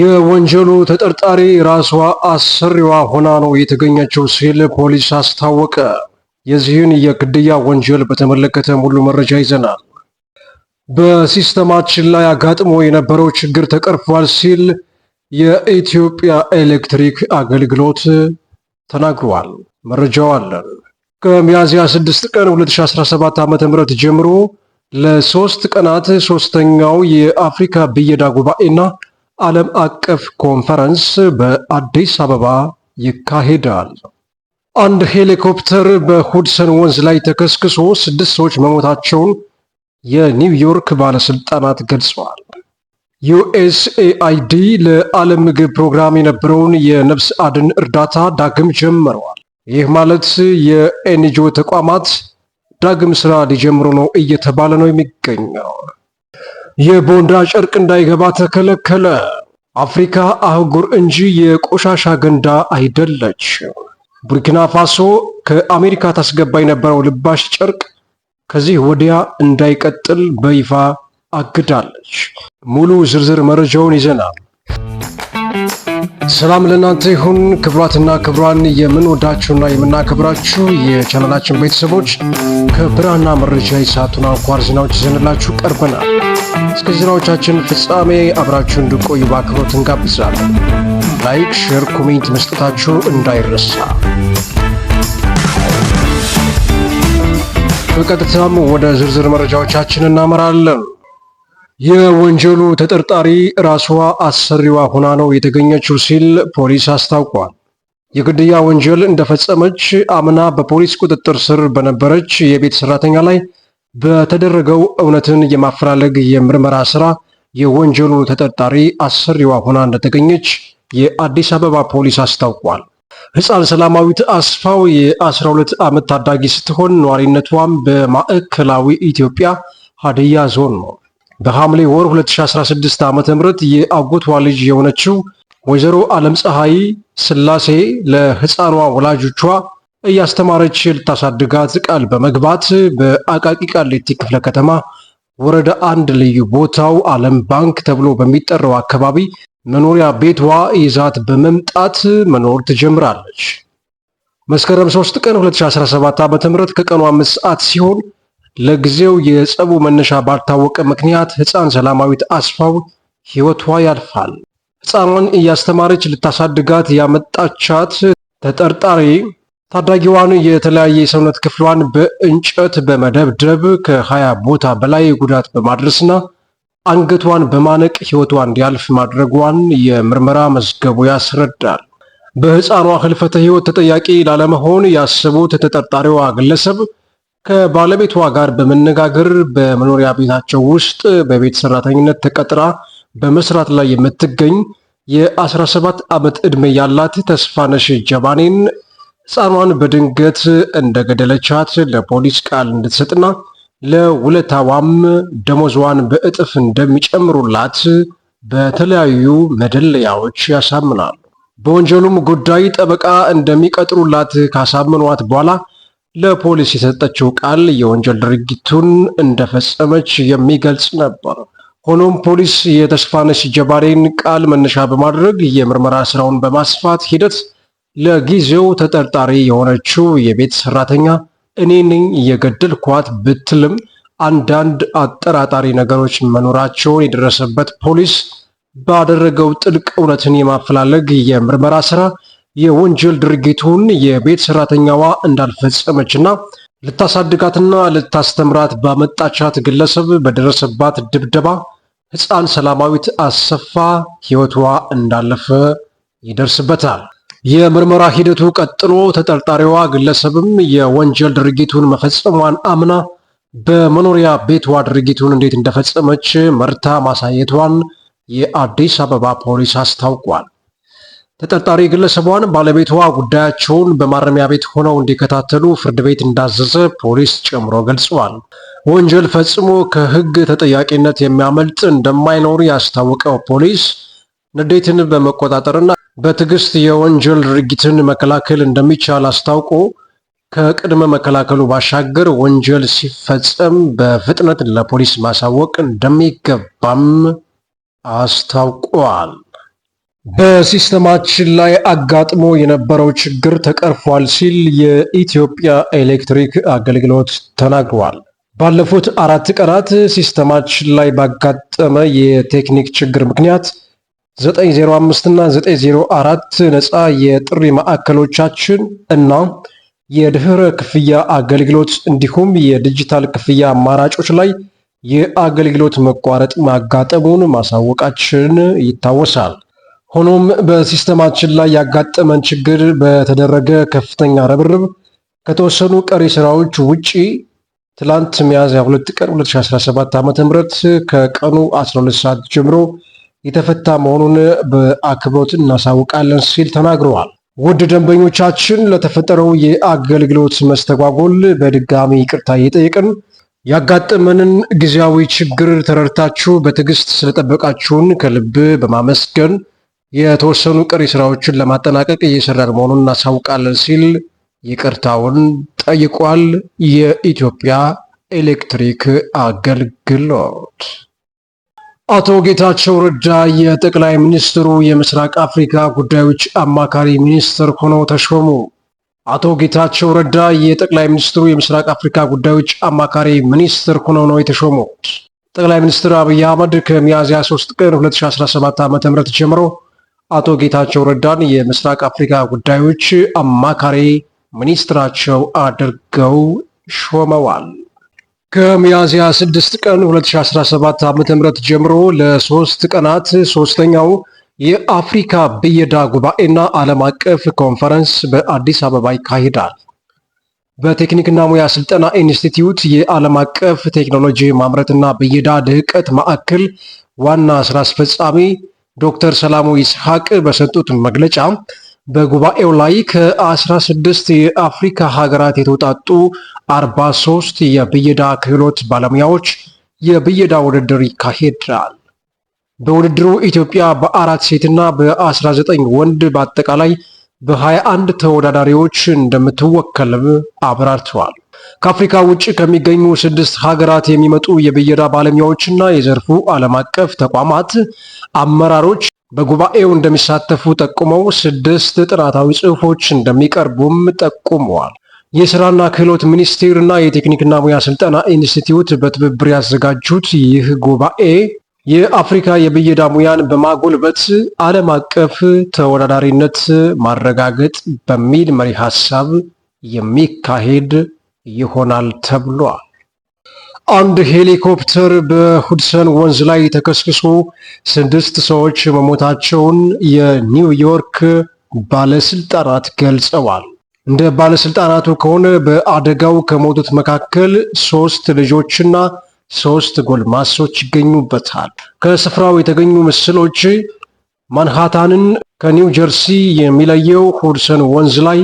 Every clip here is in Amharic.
የወንጀሉ ተጠርጣሪ ራሷ አሰሪዋ ሆና ነው የተገኘችው ሲል ፖሊስ አስታወቀ። የዚህን የግድያ ወንጀል በተመለከተ ሙሉ መረጃ ይዘናል። በሲስተማችን ላይ አጋጥሞ የነበረው ችግር ተቀርፏል ሲል የኢትዮጵያ ኤሌክትሪክ አገልግሎት ተናግሯል። መረጃው አለን። ከሚያዝያ 6 ቀን 2017 ዓ.ም ጀምሮ ለሶስት ቀናት ሶስተኛው የአፍሪካ ብየዳ ጉባኤና ዓለም አቀፍ ኮንፈረንስ በአዲስ አበባ ይካሄዳል። አንድ ሄሊኮፕተር በሁድሰን ወንዝ ላይ ተከስክሶ ስድስት ሰዎች መሞታቸውን የኒውዮርክ ባለስልጣናት ገልጸዋል። ዩኤስኤአይዲ ለዓለም ምግብ ፕሮግራም የነበረውን የነፍስ አድን እርዳታ ዳግም ጀምረዋል። ይህ ማለት የኤንጂኦ ተቋማት ዳግም ስራ ሊጀምሩ ነው እየተባለ ነው የሚገኘው። የቦንዳ ጨርቅ እንዳይገባ ተከለከለ። አፍሪካ አህጉር እንጂ የቆሻሻ ገንዳ አይደለች። ቡርኪና ፋሶ ከአሜሪካ ታስገባ የነበረው ልባሽ ጨርቅ ከዚህ ወዲያ እንዳይቀጥል በይፋ አግዳለች። ሙሉ ዝርዝር መረጃውን ይዘናል። ሰላም ለእናንተ ይሁን ክብሯትና ክብሯን የምንወዳችሁና የምናከብራችሁ የቻናላችን ቤተሰቦች ከብራና መረጃ የሰዓቱን አንኳር ዜናዎች ይዘንላችሁ ቀርበናል። እስከ ዜናዎቻችን ፍጻሜ አብራችሁ እንድቆዩ በአክብሮት እንጋብዛለን። ላይክ፣ ሼር፣ ኮሜንት መስጠታችሁ እንዳይረሳ። በቀጥታም ወደ ዝርዝር መረጃዎቻችን እናመራለን። የወንጀሉ ተጠርጣሪ ራስዋ አሰሪዋ ሆና ነው የተገኘችው ሲል ፖሊስ አስታውቋል። የግድያ ወንጀል እንደፈጸመች አምና በፖሊስ ቁጥጥር ስር በነበረች የቤት ሰራተኛ ላይ በተደረገው እውነትን የማፈላለግ የምርመራ ስራ የወንጀሉ ተጠርጣሪ አሰሪዋ ሆና እንደተገኘች የአዲስ አበባ ፖሊስ አስታውቋል። ሕፃን ሰላማዊት አስፋው የ12 ዓመት ታዳጊ ስትሆን ነዋሪነቷም በማዕከላዊ ኢትዮጵያ ሀዲያ ዞን ነው። በሐምሌ ወር 2016 ዓ.ም የአጎቷ ልጅ የሆነችው ወይዘሮ ዓለም ፀሐይ ስላሴ ለሕፃኗ ወላጆቿ እያስተማረች ልታሳድጋት ቃል በመግባት በአቃቂ ቃሊቲ ክፍለ ከተማ ወረዳ አንድ ልዩ ቦታው ዓለም ባንክ ተብሎ በሚጠራው አካባቢ መኖሪያ ቤቷ ይዛት በመምጣት መኖር ትጀምራለች። መስከረም 3 ቀን 2017 ዓ.ም ከቀኑ 5 ሰዓት ሲሆን ለጊዜው የጸቡ መነሻ ባልታወቀ ምክንያት ህፃን ሰላማዊት አስፋው ህይወቷ ያልፋል። ህፃኗን እያስተማረች ልታሳድጋት ያመጣቻት ተጠርጣሪ ታዳጊዋን የተለያየ የሰውነት ክፍሏን በእንጨት በመደብደብ ከ20 ቦታ በላይ ጉዳት በማድረስና አንገቷን በማነቅ ህይወቷ እንዲያልፍ ማድረጓን የምርመራ መዝገቡ ያስረዳል። በህፃኗ ህልፈተ ህይወት ተጠያቂ ላለመሆን ያሰቡት ተጠርጣሪዋ ግለሰብ ከባለቤቷ ጋር በመነጋገር በመኖሪያ ቤታቸው ውስጥ በቤት ሰራተኝነት ተቀጥራ በመስራት ላይ የምትገኝ የ17 ዓመት ዕድሜ ያላት ተስፋነሽ ጀባኔን ሕፃኗን በድንገት እንደገደለቻት ለፖሊስ ቃል እንድትሰጥና ለውለታዋም ደሞዟን በእጥፍ እንደሚጨምሩላት በተለያዩ መደለያዎች ያሳምናሉ። በወንጀሉም ጉዳይ ጠበቃ እንደሚቀጥሩላት ካሳምኗት በኋላ ለፖሊስ የሰጠችው ቃል የወንጀል ድርጊቱን እንደፈጸመች የሚገልጽ ነበር። ሆኖም ፖሊስ የተስፋነሽ ጀባሬን ቃል መነሻ በማድረግ የምርመራ ስራውን በማስፋት ሂደት ለጊዜው ተጠርጣሪ የሆነችው የቤት ሰራተኛ እኔ ነኝ የገደልኳት ብትልም አንዳንድ አጠራጣሪ ነገሮች መኖራቸውን የደረሰበት ፖሊስ ባደረገው ጥልቅ እውነትን የማፈላለግ የምርመራ ስራ የወንጀል ድርጊቱን የቤት ሰራተኛዋ እንዳልፈጸመችና ልታሳድጋትና ልታስተምራት ባመጣቻት ግለሰብ በደረሰባት ድብደባ ሕፃን ሰላማዊት አሰፋ ሕይወቷ እንዳለፈ ይደርስበታል። የምርመራ ሂደቱ ቀጥሎ ተጠርጣሪዋ ግለሰብም የወንጀል ድርጊቱን መፈጸሟን አምና በመኖሪያ ቤቷ ድርጊቱን እንዴት እንደፈጸመች መርታ ማሳየቷን የአዲስ አበባ ፖሊስ አስታውቋል። ተጠርጣሪ ግለሰቧን ባለቤቷ ጉዳያቸውን በማረሚያ ቤት ሆነው እንዲከታተሉ ፍርድ ቤት እንዳዘዘ ፖሊስ ጨምሮ ገልጸዋል። ወንጀል ፈጽሞ ከሕግ ተጠያቂነት የሚያመልጥ እንደማይኖር ያስታወቀው ፖሊስ ንዴትን በመቆጣጠርና በትዕግስት የወንጀል ድርጊትን መከላከል እንደሚቻል አስታውቆ ከቅድመ መከላከሉ ባሻገር ወንጀል ሲፈጸም በፍጥነት ለፖሊስ ማሳወቅ እንደሚገባም አስታውቋል። በሲስተማችን ላይ አጋጥሞ የነበረው ችግር ተቀርፏል ሲል የኢትዮጵያ ኤሌክትሪክ አገልግሎት ተናግረዋል። ባለፉት አራት ቀናት ሲስተማችን ላይ ባጋጠመ የቴክኒክ ችግር ምክንያት 905 እና 904 ነፃ የጥሪ ማዕከሎቻችን እና የድህረ ክፍያ አገልግሎት እንዲሁም የዲጂታል ክፍያ አማራጮች ላይ የአገልግሎት መቋረጥ ማጋጠሙን ማሳወቃችን ይታወሳል። ሆኖም በሲስተማችን ላይ ያጋጠመን ችግር በተደረገ ከፍተኛ ርብርብ ከተወሰኑ ቀሪ ስራዎች ውጪ ትላንት ሚያዝያ 2 ቀን 2017 ዓ.ም ከቀኑ 12 ሰዓት ጀምሮ የተፈታ መሆኑን በአክብሮት እናሳውቃለን ሲል ተናግረዋል። ውድ ደንበኞቻችን ለተፈጠረው የአገልግሎት መስተጓጎል በድጋሚ ይቅርታ እየጠየቅን ያጋጠመንን ጊዜያዊ ችግር ተረድታችሁ በትዕግስት ስለጠበቃችሁን ከልብ በማመስገን የተወሰኑ ቀሪ ስራዎችን ለማጠናቀቅ እየሰራን መሆኑን እናሳውቃለን ሲል ይቅርታውን ጠይቋል። የኢትዮጵያ ኤሌክትሪክ አገልግሎት አቶ ጌታቸው ረዳ የጠቅላይ ሚኒስትሩ የምስራቅ አፍሪካ ጉዳዮች አማካሪ ሚኒስትር ሆነው ተሾሙ። አቶ ጌታቸው ረዳ የጠቅላይ ሚኒስትሩ የምስራቅ አፍሪካ ጉዳዮች አማካሪ ሚኒስትር ሆነው ነው የተሾሙት። ጠቅላይ ሚኒስትር አብይ አህመድ ከሚያዝያ 3 ቀን 2017 ዓ.ም ጀምሮ አቶ ጌታቸው ረዳን የምስራቅ አፍሪካ ጉዳዮች አማካሪ ሚኒስትራቸው አድርገው ሾመዋል። ከሚያዝያ 6 ቀን 2017 ዓ.ም ጀምሮ ለሶስት ቀናት ሶስተኛው የአፍሪካ ብየዳ ጉባኤና ዓለም አቀፍ ኮንፈረንስ በአዲስ አበባ ይካሄዳል። በቴክኒክና ሙያ ስልጠና ኢንስቲትዩት የዓለም አቀፍ ቴክኖሎጂ ማምረትና ብየዳ ልህቀት ማዕከል ዋና ስራ አስፈጻሚ ዶክተር ሰላሙ ይስሐቅ በሰጡት መግለጫ በጉባኤው ላይ ከ16 የአፍሪካ ሀገራት የተውጣጡ 43 የብየዳ ክህሎት ባለሙያዎች የብየዳ ውድድር ይካሄዳል። በውድድሩ ኢትዮጵያ በአራት ሴትና በ19 ወንድ በአጠቃላይ በ አንድ ተወዳዳሪዎች እንደምትወከልም አብራርተዋል። ከአፍሪካ ውጭ ከሚገኙ ስድስት ሀገራት የሚመጡ የብየዳ ባለሙያዎችና የዘርፉ ዓለም አቀፍ ተቋማት አመራሮች በጉባኤው እንደሚሳተፉ ጠቁመው ስድስት ጥናታዊ ጽሑፎች እንደሚቀርቡም ጠቁመዋል። የስራና ክህሎት ሚኒስቴርና የቴክኒክና ሙያ ስልጠና ኢንስቲትዩት በትብብር ያዘጋጁት ይህ ጉባኤ የአፍሪካ የብየዳ ሙያን በማጎልበት ዓለም አቀፍ ተወዳዳሪነት ማረጋገጥ በሚል መሪ ሀሳብ የሚካሄድ ይሆናል ተብሏል። አንድ ሄሊኮፕተር በሁድሰን ወንዝ ላይ ተከስክሶ ስድስት ሰዎች መሞታቸውን የኒውዮርክ ባለስልጣናት ገልጸዋል። እንደ ባለስልጣናቱ ከሆነ በአደጋው ከሞቱት መካከል ሶስት ልጆችና ሶስት ጎልማሶች ይገኙበታል። ከስፍራው የተገኙ ምስሎች ማንሃታንን ከኒው ጀርሲ የሚለየው ሁድሰን ወንዝ ላይ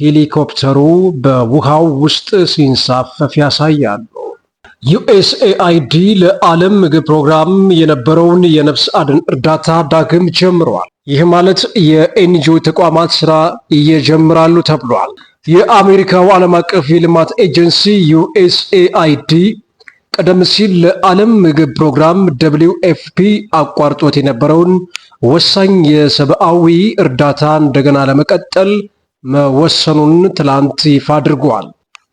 ሄሊኮፕተሩ በውሃው ውስጥ ሲንሳፈፍ ያሳያሉ። ዩኤስኤአይዲ ለዓለም ምግብ ፕሮግራም የነበረውን የነፍስ አድን እርዳታ ዳግም ጀምረዋል። ይህ ማለት የኤንጂኦ ተቋማት ስራ እየጀምራሉ ተብሏል። የአሜሪካው ዓለም አቀፍ የልማት ኤጀንሲ ዩኤስኤአይዲ ቀደም ሲል ለዓለም ምግብ ፕሮግራም ደብሊው ኤፍፒ አቋርጦት የነበረውን ወሳኝ የሰብአዊ እርዳታ እንደገና ለመቀጠል መወሰኑን ትላንት ይፋ አድርጓል።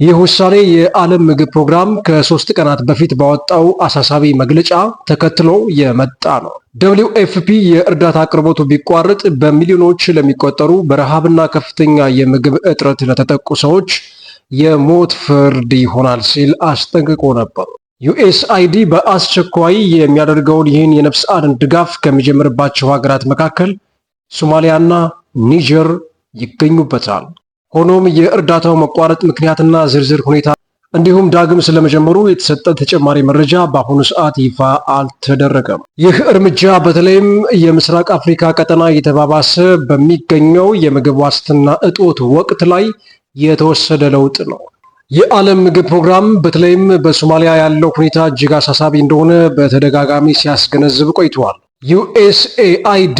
ይህ ውሳኔ የዓለም ምግብ ፕሮግራም ከሶስት ቀናት በፊት ባወጣው አሳሳቢ መግለጫ ተከትሎ የመጣ ነው። ደብሊው ፒ የእርዳታ አቅርቦቱ ቢቋረጥ በሚሊዮኖች ለሚቆጠሩ በረሃብና ከፍተኛ የምግብ እጥረት ለተጠቁ ሰዎች የሞት ፍርድ ይሆናል ሲል አስጠንቅቆ ነበር። ዩኤስአይዲ በአስቸኳይ የሚያደርገውን ይህን የነፍስ አድን ድጋፍ ከሚጀምርባቸው ሀገራት መካከል ሶማሊያና ኒጀር ይገኙበታል። ሆኖም የእርዳታው መቋረጥ ምክንያትና ዝርዝር ሁኔታ እንዲሁም ዳግም ስለመጀመሩ የተሰጠ ተጨማሪ መረጃ በአሁኑ ሰዓት ይፋ አልተደረገም። ይህ እርምጃ በተለይም የምስራቅ አፍሪካ ቀጠና እየተባባሰ በሚገኘው የምግብ ዋስትና እጦት ወቅት ላይ የተወሰደ ለውጥ ነው። የዓለም ምግብ ፕሮግራም በተለይም በሶማሊያ ያለው ሁኔታ እጅግ አሳሳቢ እንደሆነ በተደጋጋሚ ሲያስገነዝብ ቆይተዋል። ዩኤስኤአይዲ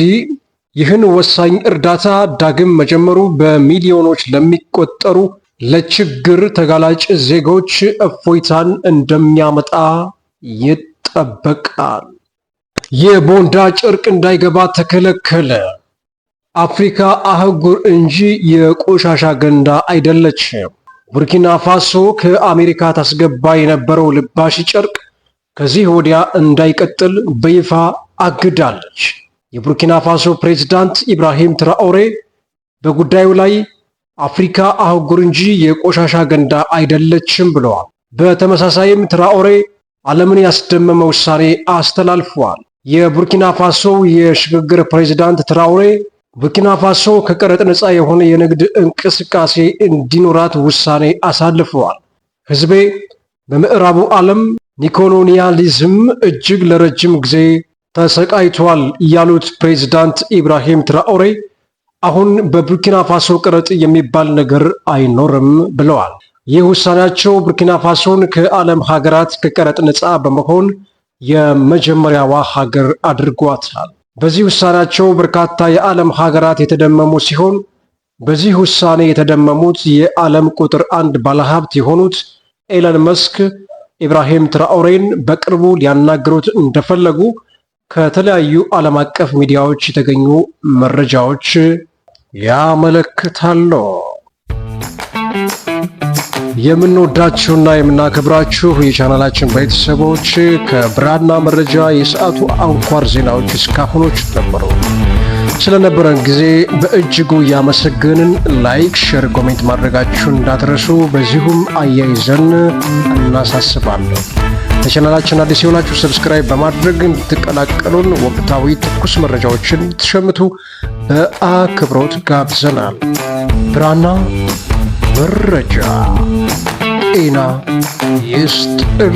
ይህን ወሳኝ እርዳታ ዳግም መጀመሩ በሚሊዮኖች ለሚቆጠሩ ለችግር ተጋላጭ ዜጎች እፎይታን እንደሚያመጣ ይጠበቃል። የቦንዳ ጨርቅ እንዳይገባ ተከለከለ። አፍሪካ አህጉር እንጂ የቆሻሻ ገንዳ አይደለችም። ቡርኪና ፋሶ ከአሜሪካ ታስገባ የነበረው ልባሽ ጨርቅ ከዚህ ወዲያ እንዳይቀጥል በይፋ አግዳለች። የቡርኪና ፋሶ ፕሬዝዳንት ኢብራሂም ትራኦሬ በጉዳዩ ላይ አፍሪካ አህጉር እንጂ የቆሻሻ ገንዳ አይደለችም ብለዋል። በተመሳሳይም ትራኦሬ ዓለምን ያስደመመ ውሳኔ አስተላልፈዋል። የቡርኪና ፋሶ የሽግግር ፕሬዝዳንት ትራኦሬ ቡርኪና ፋሶ ከቀረጥ ነፃ የሆነ የንግድ እንቅስቃሴ እንዲኖራት ውሳኔ አሳልፈዋል። ህዝቤ በምዕራቡ ዓለም ኒኮሎኒያሊዝም እጅግ ለረጅም ጊዜ ተሰቃይቷል ያሉት ፕሬዚዳንት ኢብራሂም ትራኦሬ አሁን በቡርኪና ፋሶ ቀረጥ የሚባል ነገር አይኖርም ብለዋል። ይህ ውሳኔያቸው ቡርኪና ፋሶን ከዓለም ሀገራት ከቀረጥ ነፃ በመሆን የመጀመሪያዋ ሀገር አድርጓታል። በዚህ ውሳኔያቸው በርካታ የዓለም ሀገራት የተደመሙ ሲሆን በዚህ ውሳኔ የተደመሙት የዓለም ቁጥር አንድ ባለሀብት የሆኑት ኤለን መስክ ኢብራሂም ትራኦሬን በቅርቡ ሊያናግሩት እንደፈለጉ ከተለያዩ ዓለም አቀፍ ሚዲያዎች የተገኙ መረጃዎች ያመለክታሉ። የምንወዳችሁና የምናከብራችሁ የቻናላችን ቤተሰቦች ከብራና መረጃ የሰዓቱ አንኳር ዜናዎች እስካሁኖች ነበሩ። ስለነበረን ጊዜ በእጅጉ እያመሰገንን ላይክ፣ ሼር፣ ኮሜንት ማድረጋችሁን እንዳትረሱ በዚሁም አያይዘን እናሳስባለን። ለቻናላችን አዲስ የሆናችሁ ሰብስክራይብ በማድረግ እንድትቀላቀሉን ወቅታዊ ትኩስ መረጃዎችን እንድትሸምቱ በአክብሮት ጋብዘናል። ብራና መረጃ ጤና ይስጥልን።